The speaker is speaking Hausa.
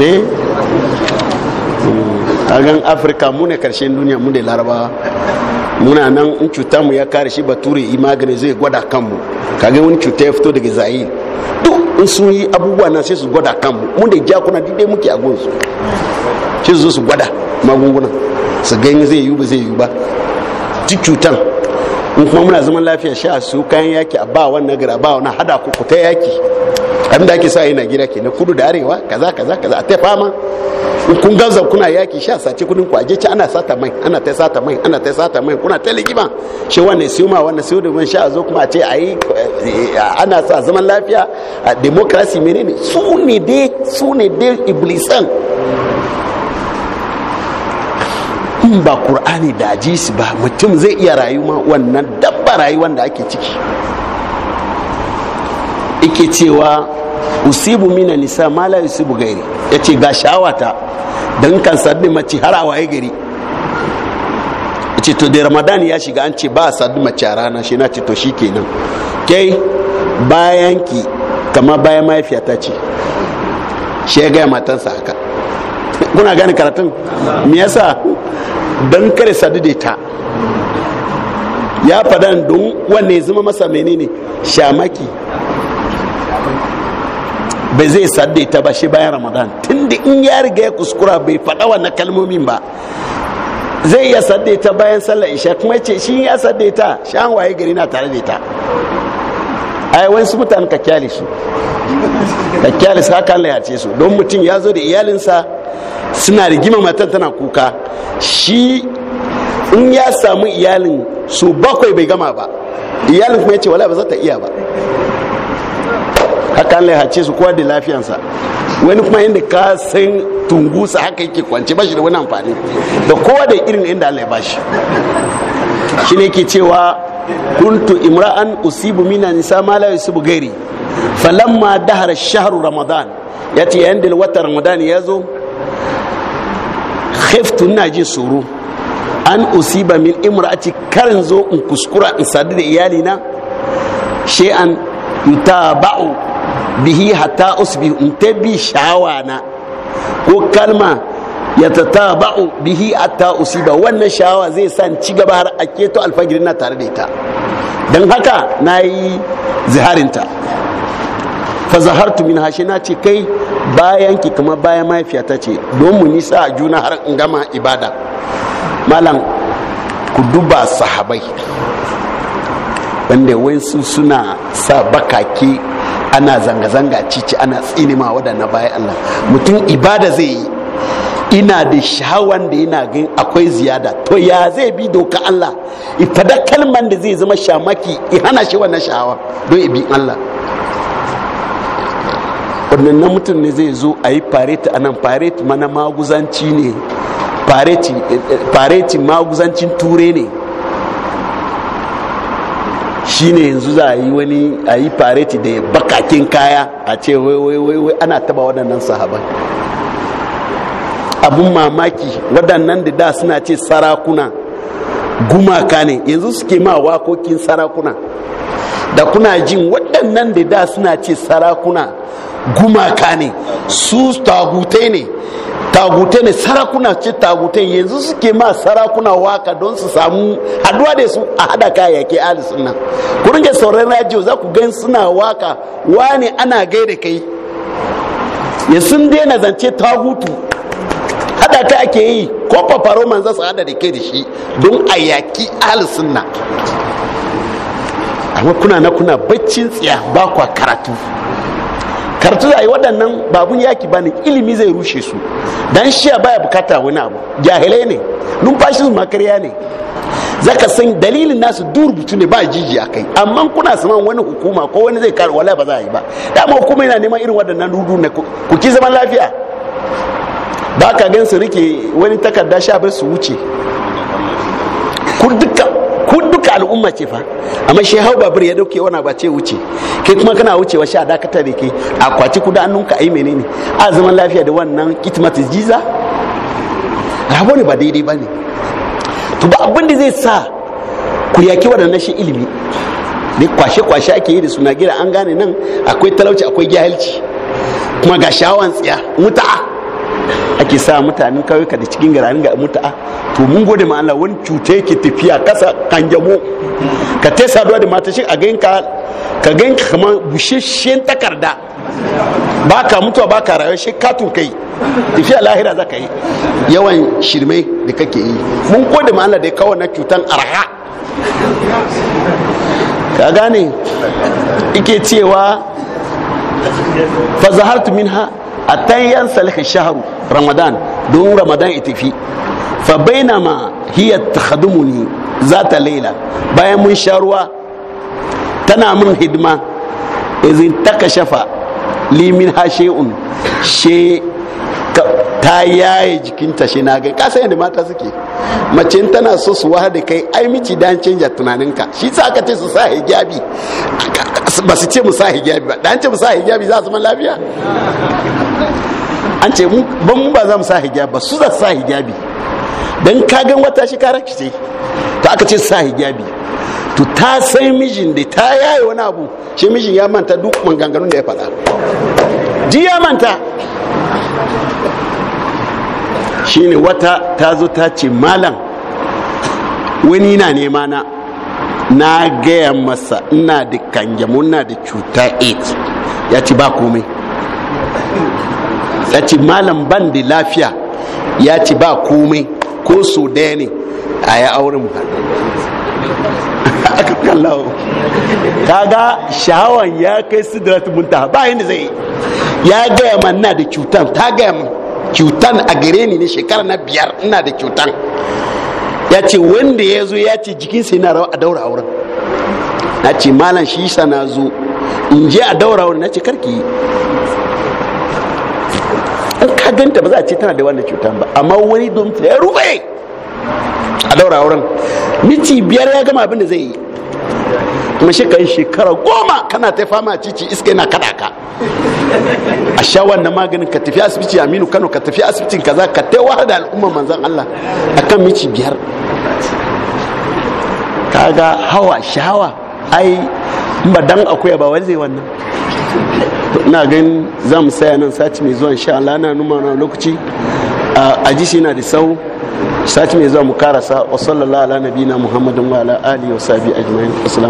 ne a gan afirka mune karshen duniya mu da laraba muna nan in cuta mu ya kare shi bature yi magani zai gwada kanmu kaga wani cuta ya fito daga zayi duk in sun yi abubuwa na sai su gwada kanmu mu da jakuna duk dai muke a gonsu sai su zo su gwada magungunan su gani zai yi ba zai yi ba duk cutan in kuma muna zaman lafiya sha su kayan yaki a ba wannan gara ba wannan hada ku ku ta yaki abin da ake sa yana gida ke na kudu da arewa kaza kaza kaza a ta fama in kun gaza kuna yaki sha sace kudin ku aje ci ana sata mai ana ta sata mai ana ta sata mai kuna ta ligima shi wannan su ma wannan siyo da sha zo kuma a ce ayi eh, ana sa zaman lafiya a demokrasi menene su ne dai su ne dai iblisan mutum ba kur'ani da ajisi ba mutum zai iya rayuwa wannan dabba rayuwan da ake ciki ike cewa usibu mina nisa ma la yusibu gairi ce ga shawata don kan saddi mace har a waye gari ce to da ramadan ya shiga an ce ba a saddi mace a rana shi na ce to shikenan kai bayan ki kama bayan ta ce shi ya gaya matansa haka kuna gani karatun me yasa don kare sadu da ta ya faɗa don wanne zama masa menene shamaki bai zai sadde ta ba shi bayan ramadan da in ya riga ya kuskura bai faɗa wannan kalmomin ba zai iya sadde ta bayan sallar isha kuma ce shi ya sadde ta shan waye gari na tare da ta ai su mutane ka kyale su ka kyale su haka Allah ya ce su don mutum ya zo da iyalinsa suna rigima matan tana kuka shi in ya samu iyalin su bakwai bai gama ba iyalin kuma ya ce wala ba za ta iya ba haka an laihace su kowa da lafiyansa wani kuma inda ka san tungusa haka yake kwance ba shi da wani amfani da kowa da irin inda allah ya ba shi shi ne ke cewa kuntu imra'an usibu mina nisa ma la yusibu gairi falamma dahara shahru ramadan yace yayin da watan ramadan ya zo khiftu ina jin tsoro an usiba min imra'ati karin zo in kuskura in sadu da iyalina shay'an ba'u bihi hatta usbi in tabi shawa na ko kalma ya tataba'u bihi hatta usiba wannan shawa zai sa ci gaba har a keto alfagirina na tare da ita don haka na yi ziharinta fa zahartu min hashi na ce kai bayan ki kamar bayan mahaifiya ta ce don mu nisa a juna har in gama ibada malam ku duba sahabai wanda wasu suna sa bakake ana zanga-zanga cici ana tsinima waɗanda bayan allah mutum ibada zai yi ina da sha'awan da yana gan akwai ziyada to ya zai bi doka Allah ita da kalman da zai zama shamaki i hana shi na sha'awa don ibi Allah wannan mutum ne zai zo a yi fareti a nan fareti mana maguzanci ne fareti maguzancin ture ne shi ne yanzu za a yi wani a yi fareti da bakakin kaya a ce wai ana taba waɗannan sahabai abun mamaki waɗannan da da suna ce sarakuna gumaka ne yanzu suke ma wakokin sarakuna da kuna jin waɗannan da da suna ce sarakuna gumaka ne su tagutai ne tagutai ne sarakuna ce tagutai yanzu suke ma sarakuna waka don su samu haduwa da su a hada kayayyaki ahli sunna ku ringa sauran rajiyo za ku gan suna waka wani ana gaida kai ya sun daina zance tagutu hada ta ake yi ko faro man za su hada da kai da shi don a yaki ahli sunna amma kuna na kuna baccin tsiya ba karatu karatu a yi waɗannan babun yaki ba ne ilimi zai rushe su dan shiya baya bukata wani abu jahilai ne numfashin makariya ne zaka san dalilin nasu durbutu ne ba jiji a kai amma kuna saman wani hukuma ko wani zai kare wala ba za a yi ba dama hukuma yana neman irin waɗannan rudu ne ku ki zaman lafiya ba ka gan su rike wani takarda sha bar su wuce ku dukkan al'umma ce fa amma shi hau babur ya dauke wani ba ce wuce kai kuma kana wucewa sha dakatar da ke a kwaci kuda annunka ai menene a zaman lafiya da wannan kitmat jiza rabo ne ba daidai ba ne to ba abin da zai sa ku yaki waɗannan shi ilimi ne kwashe-kwashe ake yi da suna gida an gane nan akwai talauci akwai jahilci kuma ga shawan tsiya muta'a yake sa mutanen kauyuka da cikin garin ga mutu'a ah, to mun gode ma Allah wani cuta yake tafiya kasa jamo ka ta saduwa da mata shi a ganka ka ganka kamar busheshen takarda ba ka mutuwa ba ka rayuwa shi katun kai tafiya lahira za ka yi yawan shirme da kake yi mun gode ma Allah da ya kawo na cutan arha ka gane ike cewa fa zahartu minha a yan salihin shaharu ramadan don ramadan ya tafi fa ma hiya takhadumuni zata laila bayan mun sha tana mun hidima izin taka shafa limin hashe'un she ta yaye jikinta shi na gai kasa yadda mata suke mace tana so su da kai ai miki dan canja tunaninka shi sa aka ce su sa hijabi ba su ce mu sa hijabi ba dan ce mu sa hijabi za su man lafiya an ce ban mu ba za mu sa hijabi ba su za sa hijabi don kagan wata shi kara ce to aka ce sa hijabi to ta sai mijin da ta yaye wani abu shi mijin ya manta duk maganganun da ya faɗa ji ya manta shine wata ta zo ta ce malam wani na nema na na gaya masa ina da kanjamu na da cuta 8 ya ci ba komai ya ce malam ban da lafiya ya ce ba komai ko so daya ne a ya auren ba aka kallawo kaga shahawan ya kai sidrat muntaha ba yanda zai ya gaya man na da cutan ta gaya man cutan a gare ni ne shekara na biyar ina da cutan ya ce wanda ya zo ya ce jikinsa yana rawa a daura auren na ce malam shi sana na zo in je a daura auren na ce karki in ka ganta ba za a ce tana da wannan cuta ba amma wani don ya rufe a daura wurin miti biyar ya gama abin da zai yi kuma shi shekara goma kana ta fama cici iska yana kada ka a sha wannan maganin ka tafi asibiti aminu kano ka tafi asibitin kaza ka taiwa da al'umman manzan allah akan miti biyar kaga hawa shawa ai ba dan akwai ba wani zai wannan na gan za mu saya nan sati mai zuwa insha Allah na numa na lokaci a ji shi na da sau sati mai zuwa mu karasa wa sallallahu ala nabina muhammadin wa ala alihi wa sahbihi ajma'in